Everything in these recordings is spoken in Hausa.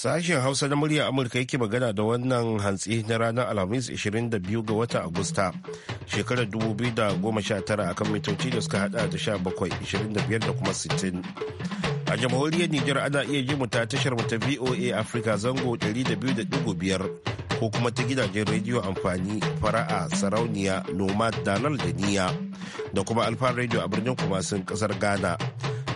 Sashen Hausa na murya Amurka yake magana da wannan hantsi na ranar Alhamis 22 ga wata Agusta shekarar 2019 akan mitoci da suka hada da 17, da kuma 60. A jamhuriyar Nijar ana iya ji ta tashar ta VOA Africa zango 200.5 ko kuma ta gidajen rediyo amfani fara'a sarauniya nomad danal da niya da kuma alfa rediyo a birnin kumasin kasar Ghana.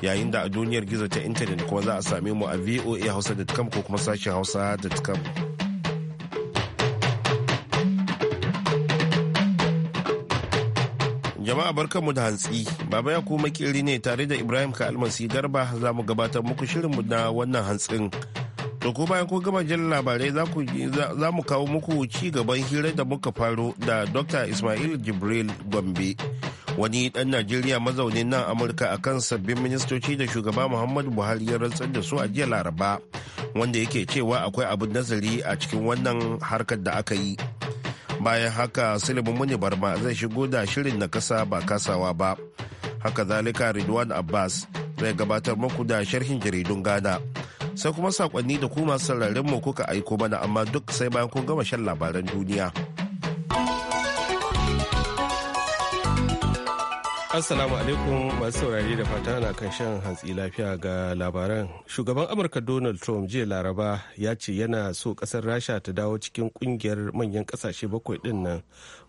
yayin da a duniyar gizo ta intanet kuma za a same mu a voa hausa.com ko kuma sashen hausa.com jama'a barkanmu da hantsi baba ya kuma makiri ne tare da ibrahim ka almasi garba za mu gabatar muku shirin mu na wannan hantsin to ko bayan ko gama jin labarai za mu kawo muku ci gaban hira da muka faro da dr ismail jibril gombe wani ɗan najeriya mazaunin nan amurka a kan sabbin ministoci da shugaba muhammadu buhari ya rantsar da su a jiya laraba wanda yake cewa akwai abin nazari a cikin wannan harkar da aka yi bayan haka silimin muni barma zai shigo da shirin na kasa ba kasawa ba haka zalika ridwan abbas zai gabatar muku da sharhin jaridun ghana sai kuma sakonni da kuma sararin mu kuka aiko mana amma duk sai bayan kun gama shan labaran duniya. Assalamu alaikum masu saurari da fata na kan shan hantsi lafiya ga labaran. Shugaban Amurka Donald Trump jiya Laraba ya ce yana so kasar Rasha ta dawo cikin kungiyar manyan kasashe bakwai din nan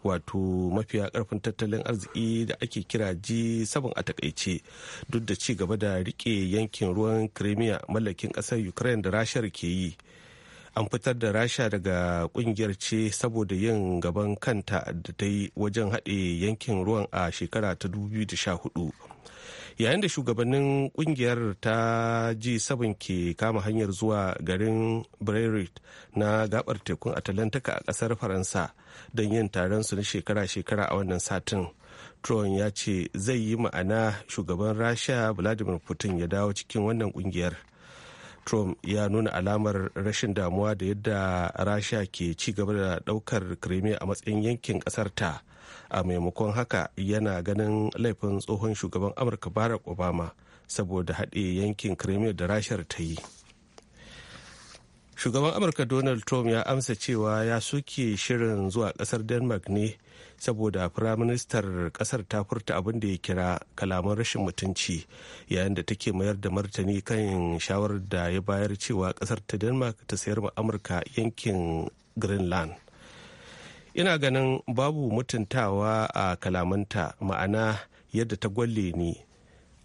wato mafiya karfin tattalin arziki da ake kira G7 a takaice duk da ci gaba da rike yankin ruwan Crimea mallakin kasar Ukraine da Rashar ke yi. an fitar da rasha daga kungiyar ce saboda yin gaban kanta da ta yi wajen haɗe yankin ruwan a shekara ta 2014 yayin da shugabannin kungiyar ta ji sabon ke kama hanyar zuwa garin brerit na gabar tekun atalantika a ƙasar faransa don yin taron su na shekara-shekara a wannan satin Tron ya ce zai yi ma'ana shugaban rasha vladimir putin ya dawo cikin wannan kungiyar trump ya nuna alamar rashin damuwa da yadda rasha ke ci gaba da daukar crimea a matsayin yankin kasar a maimakon haka yana ganin laifin tsohon shugaban amurka barack obama saboda haɗe yankin crimea da rashar ta yi shugaban amurka donald trump ya amsa cewa ya suke shirin zuwa kasar denmark ne saboda firaministar kasar ta furta abin da ya kira kalaman rashin mutunci yayin da take mayar da martani kan shawarar da ya bayar cewa kasar ta denmark ta sayar ma amurka yankin greenland ina ganin babu mutuntawa a kalamanta ma'ana yadda ta gwalle ni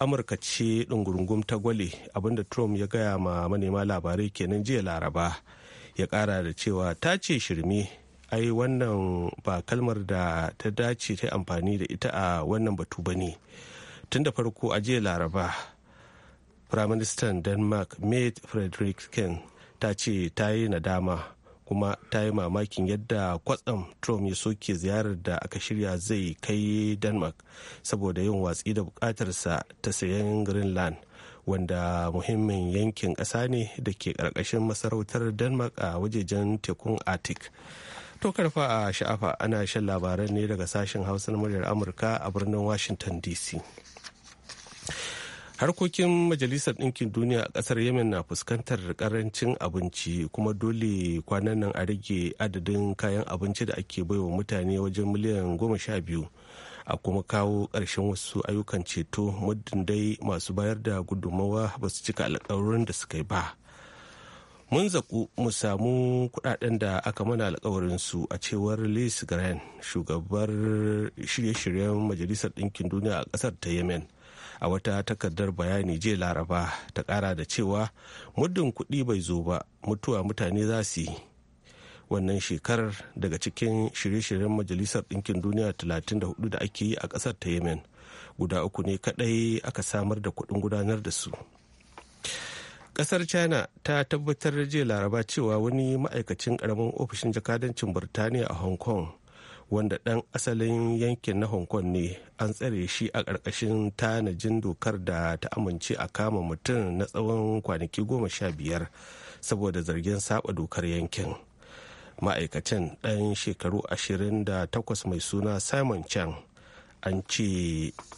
amurka ce ɗungurungum ta gwale abinda trump ya gaya ma manema labarai kenan jiya laraba ya kara da cewa ta ce shirme ai wannan ba kalmar da ta dace ta yi amfani da ita a wannan batu ba ne tun da farko a jiya laraba firaministan denmark mate frederiksen ta ce ta yi nadama kuma ta yi mamakin yadda kwatsam trump ya soke ziyarar da aka shirya zai kai denmark saboda yin watsi da bukatarsa ta sayan greenland wanda muhimmin yankin ƙasa ne da ke ƙarƙashin masarautar denmark a wajejen tekun arctic To karfa a sha'afa ana shan labaran ne daga sashen hausa na muryar Amurka a birnin Washington DC. harkokin majalisar ɗinkin duniya a ƙasar yemen na fuskantar ƙarancin abinci kuma dole kwanan nan a rage adadin kayan abinci da ake baiwa mutane wajen miliyan goma sha biyu a kuma kawo ƙarshen wasu ayyukan ceto muddin dai masu bayar da gudummawa ba su cika alƙawarin da suka yi ba mun zaku mu samu kudaden da aka mana alkawarin su a cewar liz grant shugabar shirye-shiryen majalisar ɗinkin duniya a ƙasar ta yemen a wata takardar bayani jiya laraba ta kara da cewa muddin kuɗi bai zo ba mutuwa mutane za su yi wannan shekarar daga cikin shirye-shiryen majalisar ɗinkin duniya 34 da ake yi a ƙasar ta yemen guda uku ne kaɗai aka samar da kuɗin gudanar da su kasar china ta tabbatar da jiya laraba cewa wani ma'aikacin karamin ofishin jakadancin burtaniya a hong kong wanda ɗan asalin yankin na hong kong ne an tsare shi a ƙarƙashin tanajin dokar da ta amince a kama mutum na tsawon kwanaki goma sha biyar saboda zargin saba dokar yankin ma'aikacin ɗan shekaru ashirin da 28 mai suna simon chang an ce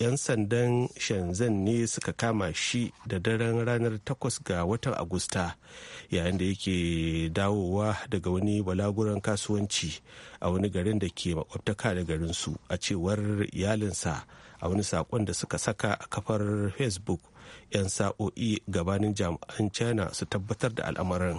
'yan sandan shenzhen ne suka kama shi da daren ranar 8 ga watan agusta yayin da yake dawowa daga wani balaguran kasuwanci a wani garin da ke makwabtaka da garinsu a cewar iyalinsa a wani sakon da suka saka a kafar facebook 'yan sa'o'i gabanin jami'an china su tabbatar da al'amarin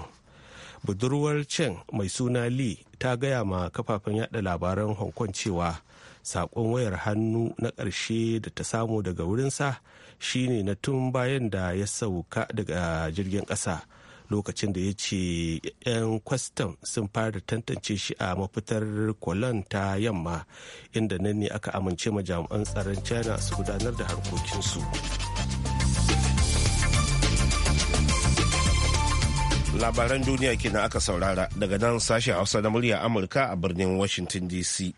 budurwar chen mai suna lee ta gaya ma kafafen yada labaran hong kong cewa sakon wayar hannu na ƙarshe da ta samu daga wurinsa shine na tun bayan da ya sauka daga jirgin ƙasa lokacin da ya ce 'yan kwastam sun fara tantance shi a mafitar kolon ta yamma inda nan ne aka amince ma jami'an tsaron china su gudanar da harkokinsu labaran duniya kenan aka saurara daga nan sashen hausa na murya amurka a birnin washington dc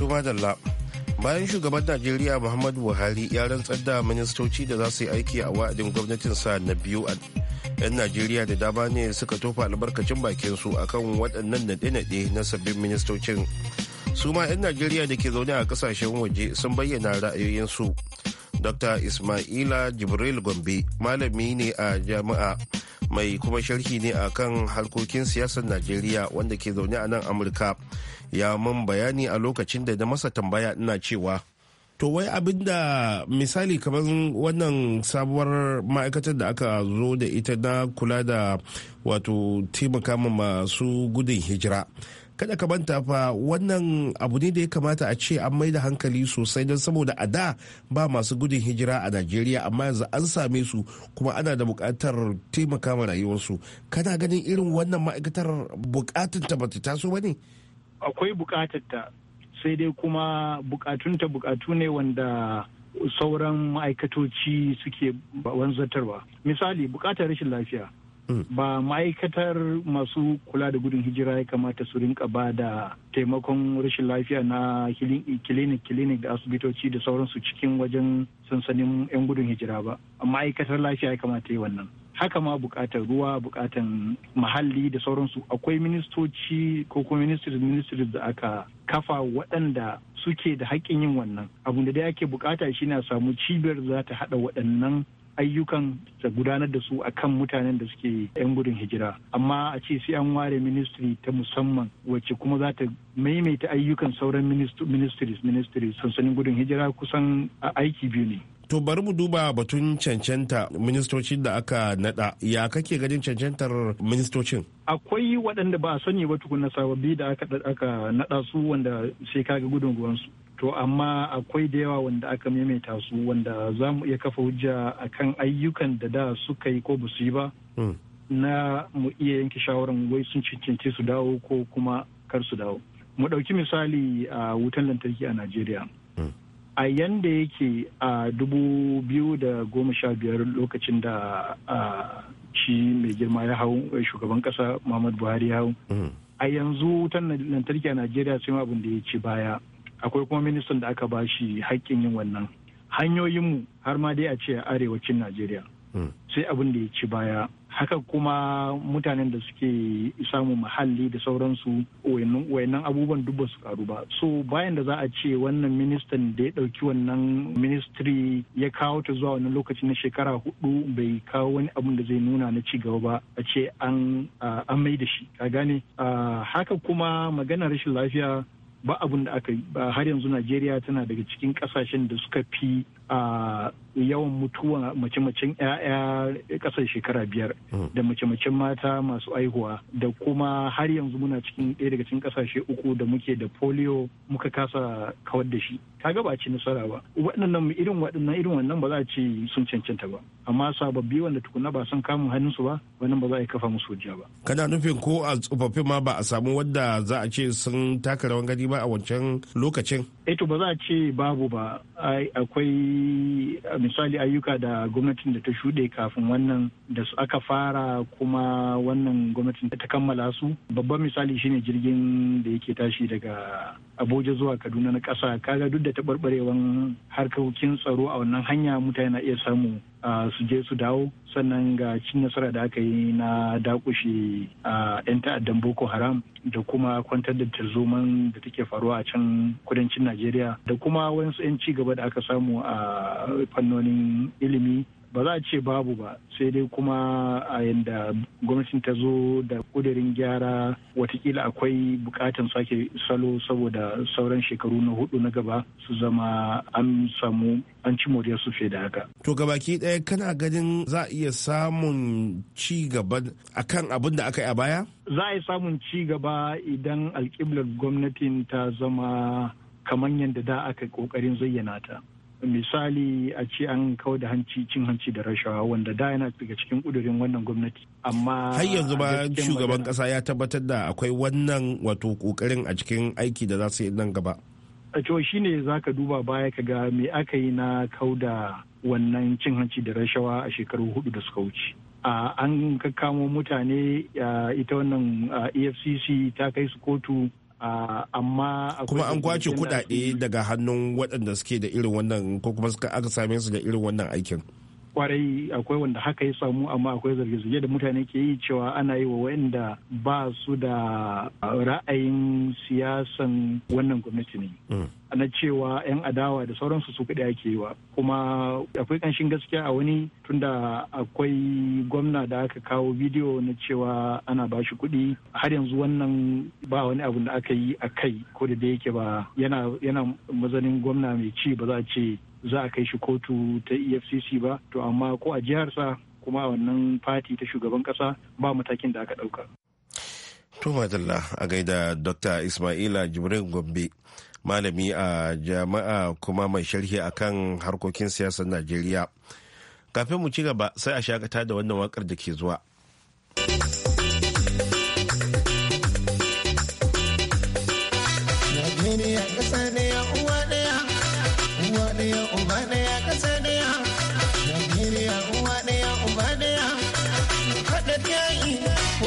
Tuma Dalla bayan shugaban najeriya muhammadu buhari ya rantsar da ministoci da za su yi aiki a wa'adin gwamnatinsa na biyu a yan najeriya da dama ne suka tofa albarkacin bakin su akan waɗannan naɗe-naɗe na sabbin ministocin su ma yan najeriya da ke zaune a ƙasashen waje sun bayyana ra'ayoyinsu dr ismaila jibril gombe malami ne a jami'a mai kuma sharhi ne a kan harkokin siyasar najeriya wanda ke zaune a nan amurka ya man bayani a lokacin da na masa tambaya ina cewa to wai abinda misali kamar wannan sabuwar ma'aikatar da aka zo da ita na kula da wato taimaka masu gudun hijira kada ka manta fa wannan abu ne da ya kamata a ce an mai da hankali sosai don saboda a da ba masu gudun hijira a najeriya amma yanzu an same su kuma ana da bukatar taimaka ma rayuwarsu kana ganin irin wannan ma'aikatar bukatun ta bata taso ba ne akwai bukatar ta sai dai kuma bukatun ta bukatu ne wanda sauran ma'aikatoci suke wanzatarwa misali bukatar rashin lafiya ba ma'aikatar masu kula da gudun hijira ya kamata su rinka ba da taimakon rashin lafiya na clinic clinic da asibitoci da sauransu cikin wajen sansanin 'yan gudun hijira ba ma'aikatar lafiya ya kamata yi wannan haka ma bukatar ruwa bukatan mahalli da sauransu akwai ministoci ko kuma ministries ministries da aka kafa waɗanda suke da haƙƙin yin wannan abun da dai ake bukata shine a samu cibiyar za ta haɗa waɗannan ayyukan da gudanar da su akan mutanen da suke 'yan gudun hijira amma a ce sai an ware ministry ta musamman wacce kuma za ta maimaita ayyukan sauran ministries ministries sansanin gudun hijira kusan aiki biyu ne To bari mu duba batun cancanta ministocin da aka nada ya kake ganin cancantar ministocin? Akwai waɗanda ba a sani ba tukuna sababbi da aka nada su wanda sai kaga gudun ruwansu to amma akwai da yawa wanda aka maimaita su wanda za mu iya kafa hujja akan ayyukan da da suka yi ko ba su yi ba hmm. na mu iya yanke shawarar wai sun cancanci su dawo ko kuma kar su dawo mu ɗauki misali a wutan lantarki a najeriya hmm. a yanda yake a dubu biyu da goma sha biyar lokacin da shi mai girma ya hau shugaban kasa muhammad buhari ya hau hmm. a yanzu wutan lantarki a najeriya sai abin da ya ci baya akwai kuma ministan da aka ba shi haƙƙin yin wannan hanyoyinmu har ma dai a ce arewacin najeriya hmm. sai abin da ya ci baya haka kuma mutanen da suke samun muhalli da sauransu wayannan abubuwan duk su karu ba so bayan da za a ce wannan ministan da ya dauki wannan ministry ya kawo ta zuwa wani lokaci na shekara hudu bai kawo wani abun da zai nuna na cigaba ba a ce an mai da shi ka gane haka kuma maganar rashin lafiya ba abun da aka yi har yanzu najeriya tana daga cikin kasashen da suka fi yawan mutuwa mace-macen 'ya'ya kasar shekara biyar hmm. da mace-macen mata masu aihuwa da kuma har yanzu muna cikin ɗaya daga cikin ƙasashe uku da muke da polio muka kasa kawar da shi kaga ba ci nasara ba waɗannan irin waɗannan irin wannan ba za a ce sun cancanta ba amma sababbi wanda tukuna ba san kamun hannunsu ba wannan ba za a yi kafa musu hujja ba kana nufin ko a tsofaffin ma ba a samu wadda za a ce sun taka rawan gani ba a wancan lokacin Eh to ba za a ce babu ba akwai misali ayyuka da gwamnatin da ta shuɗe kafin wannan da su aka fara kuma wannan gwamnatin ta kammala su babban misali shine jirgin da yake tashi daga abuja zuwa kaduna na ƙasa kaga duk da taɓarɓarewan harkokin tsaro a wannan hanya mutane na iya samu su je su dawo sannan ga cin nasara da aka yi na dakushe a 'yan ta'addan boko haram da kuma kwantar da tarzoman da take faruwa a can kudancin najeriya da kuma wasu 'yan ci gaba da aka samu a fannonin ilimi ba za a ce babu ba sai dai kuma a yadda gwamnatin ta zo da kudirin gyara watakila akwai bukatan sake salo saboda sauran shekaru na hudu na gaba su zama an samu an ci moriyar su fiye da haka. To gabaki ɗaya kana ganin za a iya samun ci gaba akan abin da aka yi a baya? Za a yi samun ci gaba idan alƙiblar gwamnatin ta zama kamar yadda da aka ƙoƙarin zayyana ta. misali a ce an kawo da hanci cin hanci da rashawa wanda da yana daga cikin kudurin wannan gwamnati amma har yanzu ba shugaban kasa ya tabbatar da akwai wannan wato kokarin a cikin aiki da za su yi nan gaba a shi ne za ka duba baya ka ga me aka yi na kau da wannan cin hanci da rashawa a shekaru hudu da suka wuce an kakkamo mutane ita wannan efcc ta kai su kotu amma kuma an kwace kudade daga hannun waɗanda suke da irin wannan ko kuma aka same su da irin wannan aikin kwarai akwai wanda haka ya samu amma akwai zarge-zarge da mutane ke yi cewa ana yi wa wanda ba su da ra'ayin siyasan wannan gwamnati ne mm. na cewa 'yan adawa da sauransu su kuɗi ake yi wa kuma akwai ƙanshin gaskiya a wani tunda akwai gwamna da aka kawo bidiyo na cewa ana ba shi kuɗi har yanzu wannan ba wani abu da aka yi a kai ko da yake ba yana mazanin gwamna mai ci ba za a ce za a kai shi kotu ta efcc ba to amma ko a jiharsa kuma wannan fati ta shugaban kasa ba matakin da aka dauka to madalla a gaida dr ismaila jibrin gombe malami a jama'a kuma mai sharhi akan harkokin siyasar najeriya kafin mu ci gaba sai a shakata da wannan wakar da ke zuwa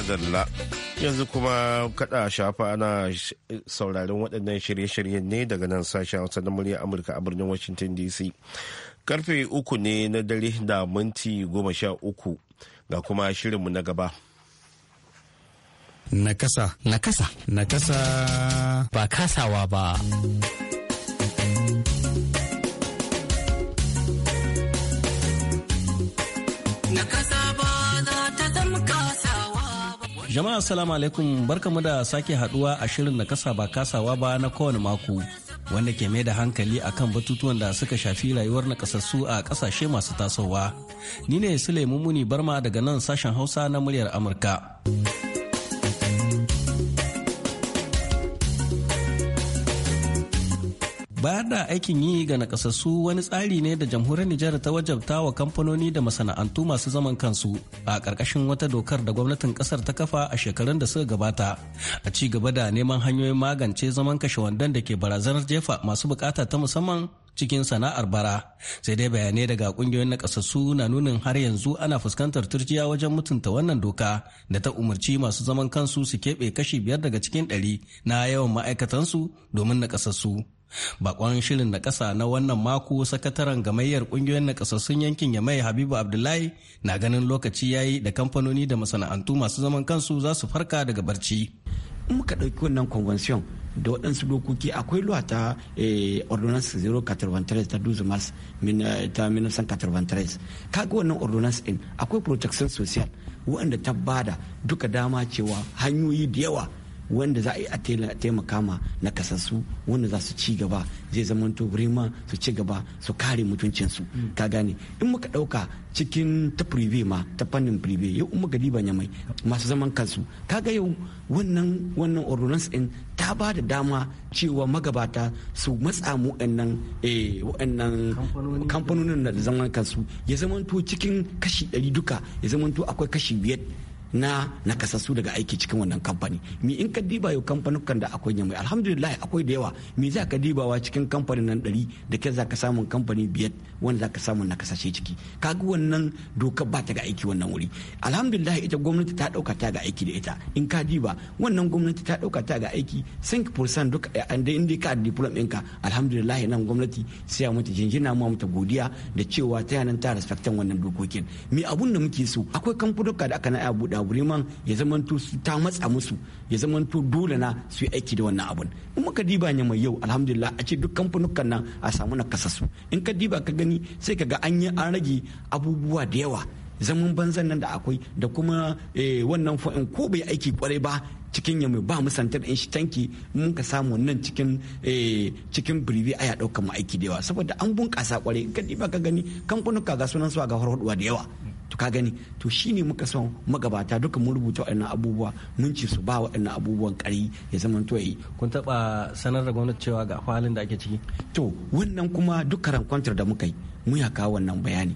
zalla yanzu kuma kada shafa ana sauraron waɗannan shirye-shiryen ne daga nan sashen hausa na murya amurka a birnin washington dc karfe uku ne na dare da minti goma sha uku ga kuma shirinmu na gaba nakasa nakasa nakasa ba kasawa ba nakasa ba za ta zamka. Jama'a salamu alaikum barkamu da sake haduwa a shirin na kasa ba kasawa ba na kowane mako wanda ke mai da hankali akan batutuwan da suka shafi rayuwar nakasassu a kasashe masu tasowa. Ni ne Sule Mumuni Barma daga nan sashen Hausa na muryar Amurka. Bayar da aikin yi ga nakasassu wani tsari ne da jamhuriyar Nijar ta wajabta wa kamfanoni da masana'antu masu zaman kansu a ƙarƙashin wata dokar da gwamnatin ƙasar ta kafa a shekarun da suka gabata. A ci gaba da neman hanyoyin magance zaman kashe wandon da ke barazanar jefa masu bukata ta musamman cikin sana'ar bara sai dai bayanai daga kungiyoyin nakasassu na nunin har yanzu ana fuskantar turjiya wajen mutunta wannan doka da ta umarci masu zaman kansu su keɓe kashi biyar daga cikin ɗari na yawan ma'aikatansu domin nakasassu Bakon shirin na ƙasa na wannan mako sakataren gamayyar ƙungiyoyin na ƙasassun yankin Yamai Habibu Abdullahi na ganin lokaci yayi da kamfanoni da masana'antu masu zaman kansu za su farka daga barci. in muka ɗauki wannan convention da waɗansu dokoki akwai luwa ta eh, ordonance 093 ta duzu mas ta 1993 kaga wannan ordinance ɗin akwai protection social waɗanda ta bada duka dama cewa hanyoyi da yawa wanda za a yi a taimaka ma na kasassu wanda za su ci gaba zai zamanto rima su ci gaba su kare mutuncinsu ka gane in muka ɗauka cikin ta prive ma ta fannin prive yau in muka diba mai masu zaman kansu kaga yau wannan wannan ordinance din ta ba da dama cewa magabata su matsa mu wannan eh, kamfanonin da zaman kansu ya zamanto cikin kashi ɗari duka ya zamanto akwai kashi biyar na nakasassu daga aiki cikin wannan kamfani mi in ka diba yau kamfanukan da akwai yamai alhamdulillah akwai da yawa mi za ka dibawa cikin kamfanin nan ɗari da ke za ka samun kamfani biyar wanda za ka samun nakasashe ciki kaga wannan doka ba ta ga aiki wannan wuri alhamdulillah ita gwamnati ta ɗauka ta ga aiki da ita in ka diba wannan gwamnati ta ɗauka ta ga aiki 5% duk eh, da inda ka diplom ɗinka alhamdulillah nan gwamnati sai mata jinjina mu mata godiya da cewa ta nan ta respectan wannan dokokin mi abun da muke so akwai kamfanuka da aka na buɗe man ya zamanto ta matsa musu ya zamanto dole na su yi aiki da wannan abun in muka diba ne mai yau alhamdulillah a ce duk kamfanukan nan a samu na kasasu in ka diba ka gani sai ka ga an yi an rage abubuwa da yawa zaman banzan nan da akwai da kuma eh, wannan fa'in ko bai aiki kwarai ba cikin yamma ba mu santar in shi tanki mun ka samu nan cikin eh, cikin birbi aya dauka mu aiki da yawa saboda an bunkasa kwarai in ka diba ka gani kamfanuka ga sunan su ga harhaduwa da yawa to ka gani to shine muka son magabata duka mun rubuta waɗannan abubuwa mun ci su ba waɗannan abubuwan ƙari ya zama to yi kun taɓa sanar da gwamnati cewa ga halin da ake ciki to wannan kuma duka rankwantar da muka yi mun ya kawo wannan bayani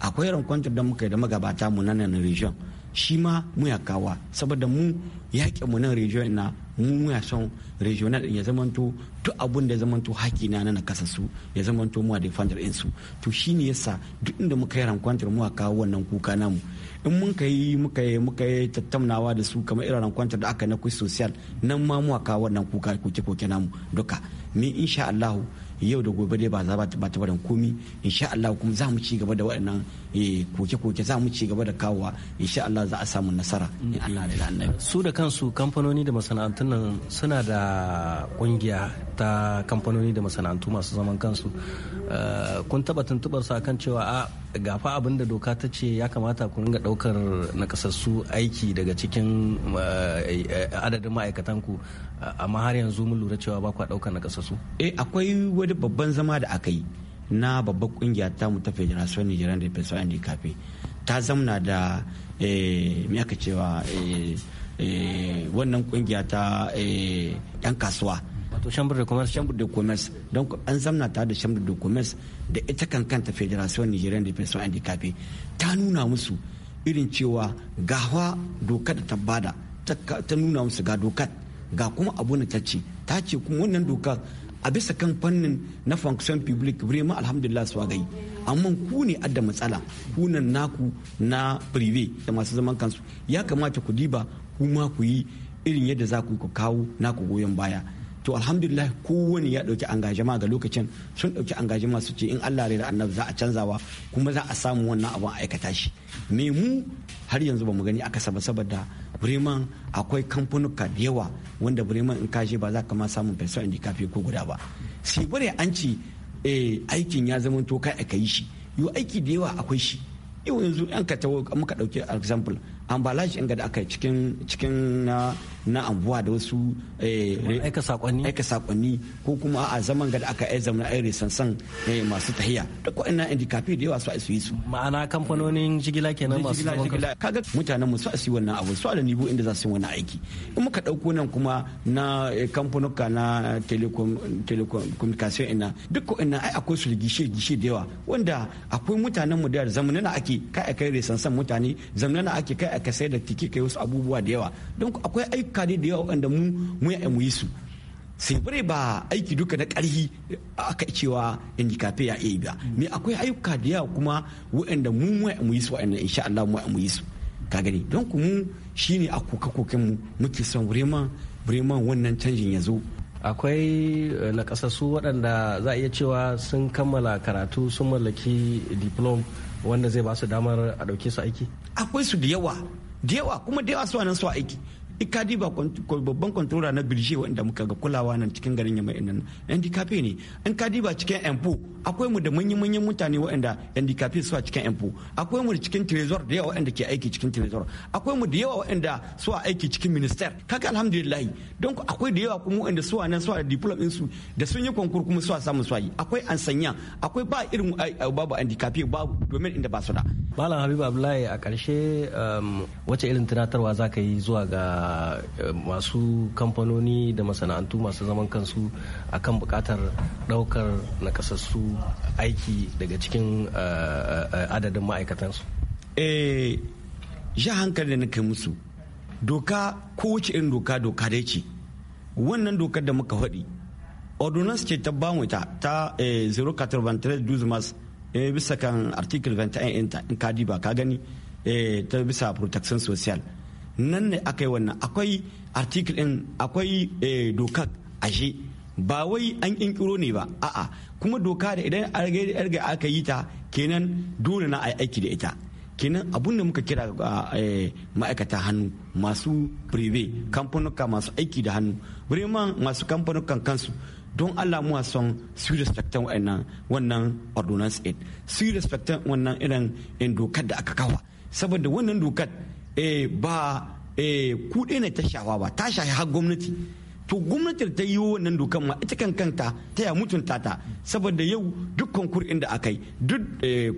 akwai rankwantar da muka yi da magabata mu na region shi ma mu ya kawo saboda mu yaƙe mu nan region na mu muna son regional ya zamanto duk abun da ya zamanto haƙi na na su ya zamanto mu a defender in su to shine yasa duk inda muka yi rankwantar mu a kawo wannan kuka namu in mun ka yi muka yi muka yi tattaunawa da su kamar irin rankwantar da aka na kuwa social nan ma mu a kawo wannan kuka koke koke namu duka ni insha Allah yau da gobe dai ba za ba ta barin komi insha Allah kuma za mu ci gaba da waɗannan Eh, koke-koke za mu ci gaba da kawowa insha Allah za a samu nasara mm-hmm. su da kansu kamfanoni da masana'antun nan suna da kungiya ta kamfanoni da masana'antu masu zaman kansu eh, kun taba tuntubar su akan cewa a gafa abin da doka ta ce ya kamata ku ringa daukar nakasassu aiki daga cikin eh, adadin ma'aikatan ku amma har yanzu mun lura cewa ba ku daukar nakasassu eh akwai wani babban zama da aka yi na babbar kungiya ta mu ta federation nigerian da fesa and kafe ta zamna da eh, me aka cewa eh, eh, wannan kungiya ta yan kasuwa wato chamber de commerce chamber de commerce don an zamna ta da chamber de commerce da ita kan kanta federation nigerian da fesa and kafe ta nuna musu irin cewa gawa doka da ta ta nuna musu ga dokar ga kuma abu na ta ce ta ce kuma wannan dokar a bisa kan fannin na fonction public vraiment alhamdulillah su gai amma ku ne adda matsala kunan naku na prive da masu zaman kansu ya kamata ku diba kuma ku yi irin yadda za ku kawo naku goyon baya to alhamdulillah kowane ya dauki angajama ga lokacin sun dauki angajama su ce in Allah da annabi za a canzawa kuma za a samu wannan a aikata shi me mu har yanzu ba mu gani aka saba saboda bremen akwai kamfanuka da yawa wanda bremen in kashe ba za ka ma samun person indikafi ko guda ba sai bare an ci eh, aikin ya zama to kai aka yi shi yo aiki da yawa akwai shi yau yanzu an ka tawo muka ɗauki example ambalaji in ga da aka cikin cikin na ah, na anguwa da wasu eh, aika sakonni ko kuma a zaman gada aka yi zamanin aire sansan eh, masu tahiya da ko ina indikafi da yawa su su yi su ma'ana kamfanonin jigila kenan masu jigila kaga mutanen mu su su yi wannan abu su da nibu inda za su yi wannan aiki in muka dauko nan kuma na eh, kamfanuka na telecom telecommunication ina duk ko ina ai akwai su gishe gishe da yawa wanda akwai mutanen mu da na ake kai akai resansan mutane na ake kai aka sai da tiki kai wasu abubuwa da yawa don akwai aiki ayyuka ne da yawa waɗanda mu mu ya mu yi su sai bare ba aiki duka na ƙarhi aka cewa ji kafe ya iya ba me akwai ayyuka da yawa kuma waɗanda mu mu ya mu yi su waɗanda insha Allah mu ya mu yi su ka gani don ku mu shine a kuka koken mu muke son burema burema wannan canjin ya zo akwai eh, nakasassu waɗanda za a iya cewa sun kammala karatu sun mallaki diplom wanda zai ba su damar a ɗauke su aiki akwai su da yawa da yawa kuma da yawa su nan su aiki ikadi ba babban kwantrola na birshe wanda muka ga kulawa nan cikin garin yamma nan yan dikafe ne in kadi ba cikin empo akwai mu da manyan manyan mutane wanda yan dikafe suwa cikin empo akwai mu da cikin trezor da yawa wanda ke aiki cikin trezor akwai mu da yawa wanda suwa aiki cikin minister kaka alhamdulillah don akwai da yawa kuma wanda suwa nan suwa da diploma din su da sun yi konkur kuma suwa samu suwa akwai an sanya akwai ba irin babu yan dikafe babu domin inda ba su da Malam Habibu Abdullahi a ƙarshe um, wace irin tunatarwa za ka yi zuwa ga um, masu kamfanoni da masana'antu masu zaman kansu a kan buƙatar ɗaukar nakasassu aiki daga cikin uh, uh, adadin ma'aikatansu? Eh, ja hankali da nake musu doka ko wacce irin doka doka da ce wannan dokar da muka faɗi ordonance ce ta bamu ta ta 093 mars eh bisa kan article 21 inta in kadiba ka gani eh ta bisa protection social nan ne aka yi wannan akwai article din akwai eh, doka ashe ba wai an kinkiro ne ba a'a kuma doka da idan arga aka yi ta kenan dole na ai aiki da ita kenan abun da muka kira eh, ma'aikata hannu masu prive kamfanuka masu aiki da hannu vraiment masu kamfanukan kansu don Allah mu son su respectan wannan wannan ordinance aid su respectan wannan irin in dokar da aka kawa saboda wannan dokar eh ba eh kuɗe ne ta shawa ba ta shafi har gwamnati to gwamnati ta yi wannan dokar ma ita kan kanta ta ya mutunta ta saboda yau duk konkur inda aka yi duk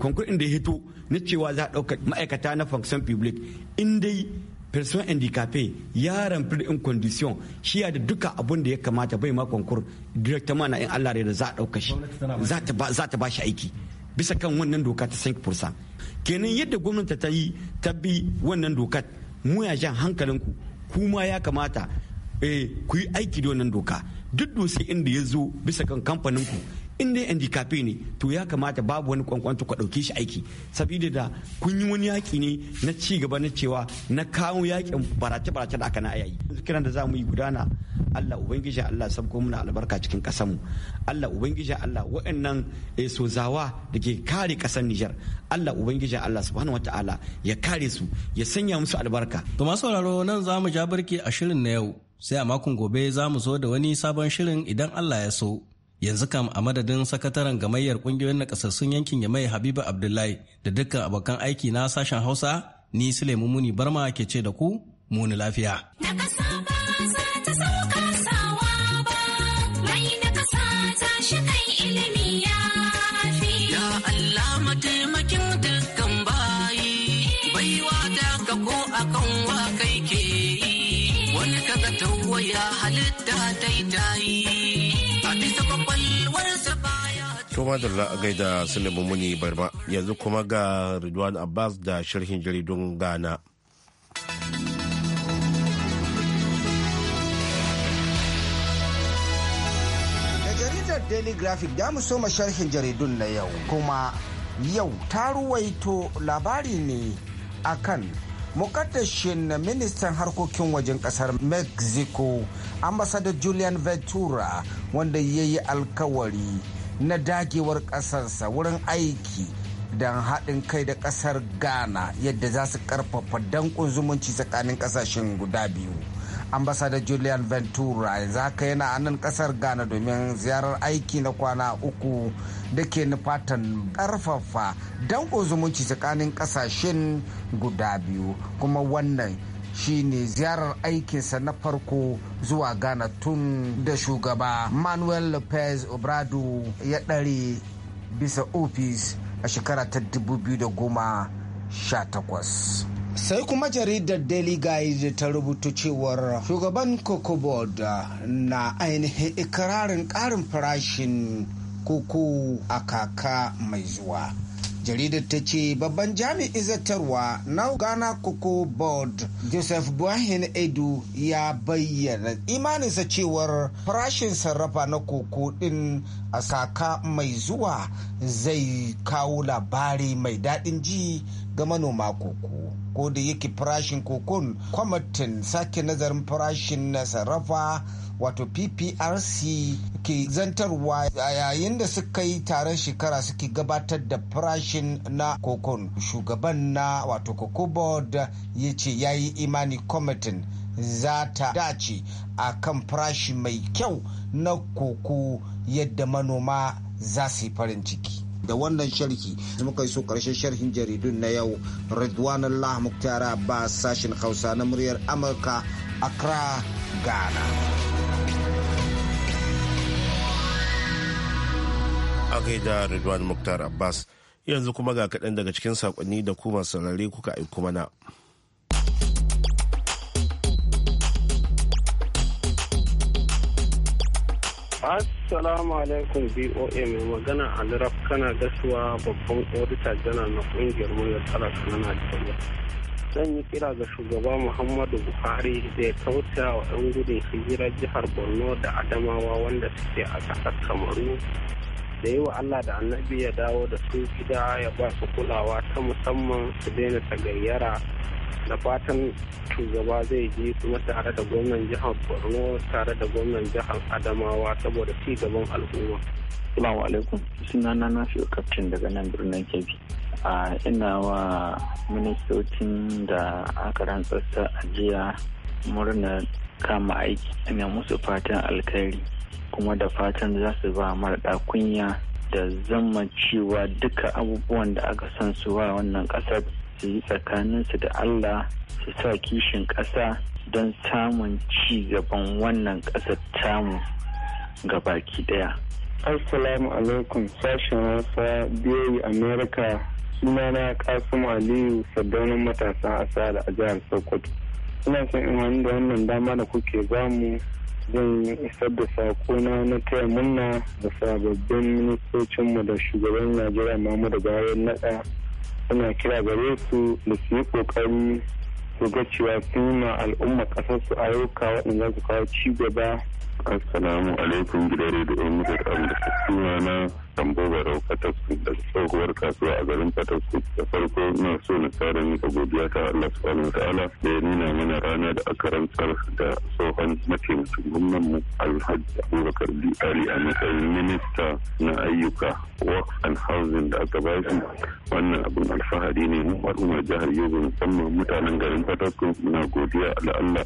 konkur eh, da ya hito na cewa za a ɗaukar ma'aikata na function public in dai person handicapé yaran da in condition shi ya da duka abun da ya kamata bai ma konkur director mana in Allah da za a dauka shi za ta ba shi aiki bisa kan wannan doka ta 5% kenan yadda gwamnati ta yi ta bi wannan doka mu ya jan hankalinku kuma ya kamata eh, ku yi aiki da wannan doka duk dusi inda ya zo bisa kan kamfanin ku in dai handicapé ne to ya kamata babu wani kwankwanto ka dauke shi aiki sabida da kun yi wani yaki ne na ci gaba na cewa na kawo yakin barace-barace da aka na yayi kiran da za mu yi gudana Allah ubangijin Allah sabko muna albarka cikin ƙasar mu Allah ubangijin Allah wa'annan eh, sozawa da ke kare kasar Nijar Allah ubangijin Allah subhanahu wataala ya kare su ya sanya musu albarka to masu sauraro nan za mu ja barke a shirin na yau sai a makon gobe za mu zo da wani sabon shirin idan Allah ya so yanzu kam a madadin sakataren gamayyar kungiyoyin nakasassun yankin yamai habiba abdullahi da dukkan abokan aiki na sashen hausa ni sulaimu muni barma ke ce da ku muni lafiya Wani kaga tawo ya halitta daidai. kuma da a gaida Suleiman Muni Barma yanzu kuma ga Ridwan Abbas da sharhin jaridun Ghana. jaridar daily graphic da mu soma sharhin jaridun na yau kuma yau ta ruwaito labari ne akan mukaddashin ministan harkokin wajen kasar mexico ambassador julian ventura wanda ya yi alkawari na dagewar ƙasarsa wurin aiki don haɗin kai da ƙasar ghana yadda za su ƙarfafa danƙon zumunci tsakanin ƙasashen guda biyu ambasada julian ventura yanzu haka yana a nan kasar ghana domin ziyarar aiki na kwana uku da ke nufatan karfafa danko zumunci tsakanin ƙasashen guda biyu kuma wannan shine ziyarar aikinsa na farko zuwa ghana tun da shugaba manuel lopez obrado ya ɗare bisa ofis a shekara ta 2018 sai kuma jaridar daily guide ta rubuta cewar shugaban cocoa na ainihin ikirarin karin farashin koko a kaka mai zuwa jaridar ta ce babban jami'in zartarwa na ghana cocoa board joseph buahin edu ya bayyana imaninsa cewar farashin sarrafa na koko din a saka mai zuwa zai kawo labari mai daɗin ji ga manoma koko ko da yake farashin kokon kwamitin sake nazarin farashin na sarrafa wato pprc ke zantarwa a yayin da suka yi taron shekara suke gabatar da farashin na kokon shugaban na wato kokobod ya ce ya yi imani kwamitin za ta dace a kan farashi mai kyau na koko yadda manoma za su yi farin ciki da wannan sharhi muka so karshen sharhin jaridun na yau ridwan allah muktara ba sashen hausa na muryar amurka accra ghana a gaida Ridwan Muktar Abbas yanzu kuma ga kaɗan daga cikin saƙonni da kuma saurare kuka aiko mana. Assalamu alaikum BOA mai magana Alraf kana gasuwa babban odita janar na kungiyar muryar talaka na Najeriya. Zan yi kira ga shugaba Muhammadu Buhari da ya kauta wa 'yan gudun hijira jihar Borno da Adamawa wanda suke a ƙasar Kamaru da yi wa Allah da annabi ya dawo da su gida ya ba su kulawa ta musamman su daina tagayyara da fatan shugaba zai ji kuma tare da gwamnan jihar borno tare da gwamnan jihar adamawa saboda ci gaban al'umma. Salamu alaikum suna na fi kaftin daga nan birnin kebbi a ina wa ministocin da aka rantsar sa ajiya murnar kama aiki ina musu fatan alkhairi kuma da fatan za su ba mara kunya da zama cewa duka abubuwan da aka san su wa wannan ƙasar su yi tsakaninsu da allah su sa kishin ƙasa don samun ci gaban wannan ƙasar tamu ga baki ɗaya. Assalamu alaikum sashen wasa biyoyi Amerika sunana Kasimu Aliyu Sardaunin matasan asala a jihar Sokoto. Ina son imanin da wannan dama da kuke zamu zan isar da sakona na na taya munna da sababbin ministocinmu da shugaban najeriya da bayan naɗa suna kira gare su da su yi ƙoƙari su ga cewa sun yi ma al'umma ƙasar su kawo waɗanda za su kawo ci gaba assalamu alaikum gidan rediyo da amurka na. Tambo rau fatasku da tsohuwar kasuwa a garin fatasku da farko na so na tsara mika godiya ta allah subhanahu ta'ala da ya nuna mana rana da aka rantsar da tsohon mataimakin gwamnan mu alhaji abubakar ali a matsayin minista na ayyuka work and housing da aka ba shi wannan abin alfahari ne mu al'umma jihar yobe musamman mutanen garin fatasku muna godiya da allah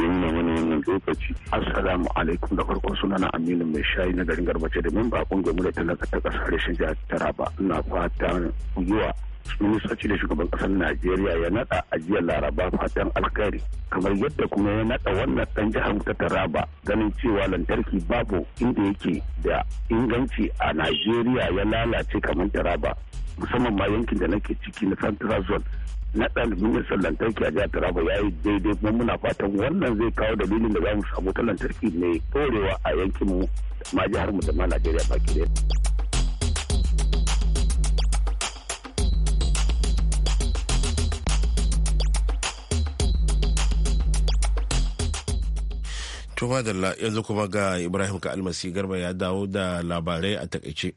ya nuna mana wannan lokaci assalamu alaikum da farko sunana aminu mai shayi na garin garbace da mun ba kungiyar mu da talaka ta kasar shiga tara taraba na fatan zuwa ministoci da shugaban ƙasar najeriya ya naɗa ajiyar laraba fatan alkhairi kamar yadda kuma ya naɗa wannan dan jihar ta taraba ganin cewa lantarki babu inda yake da inganci a najeriya ya lalace kamar taraba musamman ma yankin da nake ciki na central zone na ɗan ministan lantarki a jihar taraba ya yi daidai kuma muna fatan wannan zai kawo dalilin da za mu samu ta lantarki mai ɗorewa a yankinmu ma jihar mu da ma najeriya baki ɗaya. To da yanzu kuma ga Ibrahim ka almasi garba ya dawo da labarai a takaice.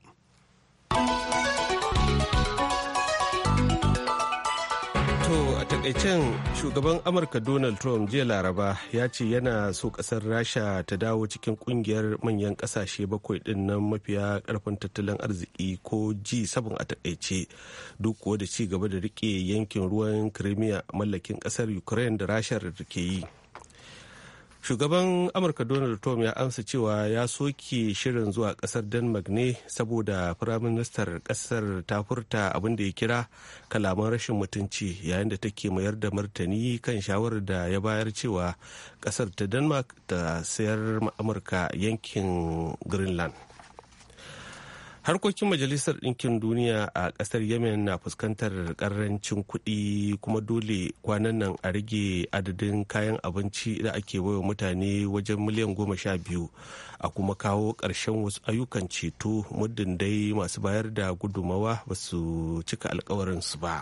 To a takaicen shugaban Amurka Donald Trump jiya Laraba ya ce yana so kasar Rasha ta dawo cikin kungiyar manyan kasashe bakwai din nan mafiya karfin tattalin arziki ko G7 a takaice duk kuwa da ci gaba da rike yankin ruwan Crimea mallakin kasar Ukraine da Rasha da ke yi. shugaban amurka donald trump ya amsa cewa ya soke shirin zuwa kasar denmark ne saboda firaministar kasar ta furta abin da ya kira kalaman rashin mutunci yayin da take mayar da martani kan shawarar da ya bayar cewa kasar ta denmark ta sayar amurka yankin greenland harkokin majalisar ɗinkin duniya a ƙasar yemen na fuskantar ƙarancin kuɗi kuma dole kwanan nan a rage adadin kayan abinci da ake baiwa mutane wajen miliyan goma sha biyu a kuma kawo ƙarshen wasu ayyukan ceto muddin dai masu bayar da gudumawa ba su cika alkawarinsu ba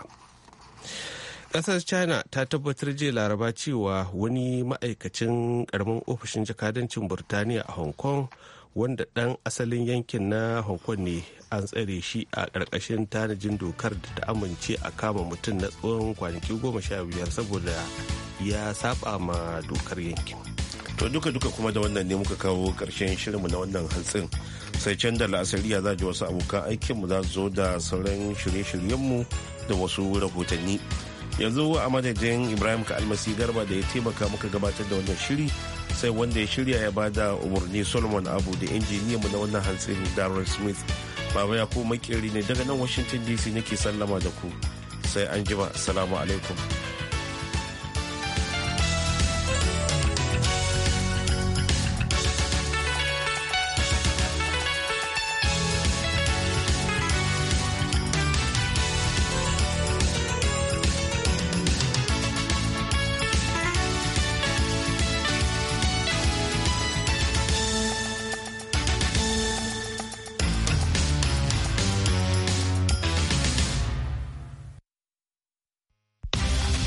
ƙasar china ta tabbatar jiya laraba cewa wani ma'aikacin karamin ofishin jakadancin burtaniya a hong kong wanda ɗan asalin yankin na hong kong ne an tsare shi a ƙarƙashin tanajin dokar da ta amince a kama mutum na tsawon kwanaki goma sha biyar saboda ya saba ma dokar yankin to duka duka kuma da wannan ne muka kawo ƙarshen shirinmu na wannan hantsin sai can da la'asariya za ji wasu abokan aikinmu za su zo da sauran shirye-shiryenmu da wasu rahotanni yanzu a madadin ibrahim ka almasi garba da ya taimaka muka gabatar da wannan shiri sai wanda ya shirya ya bada umarni solomon abu da injiniyan mu na wannan hantsin darren smith baba ya ko makeri ne daga nan washington dc nake sallama da ku sai an jima salamu alaikum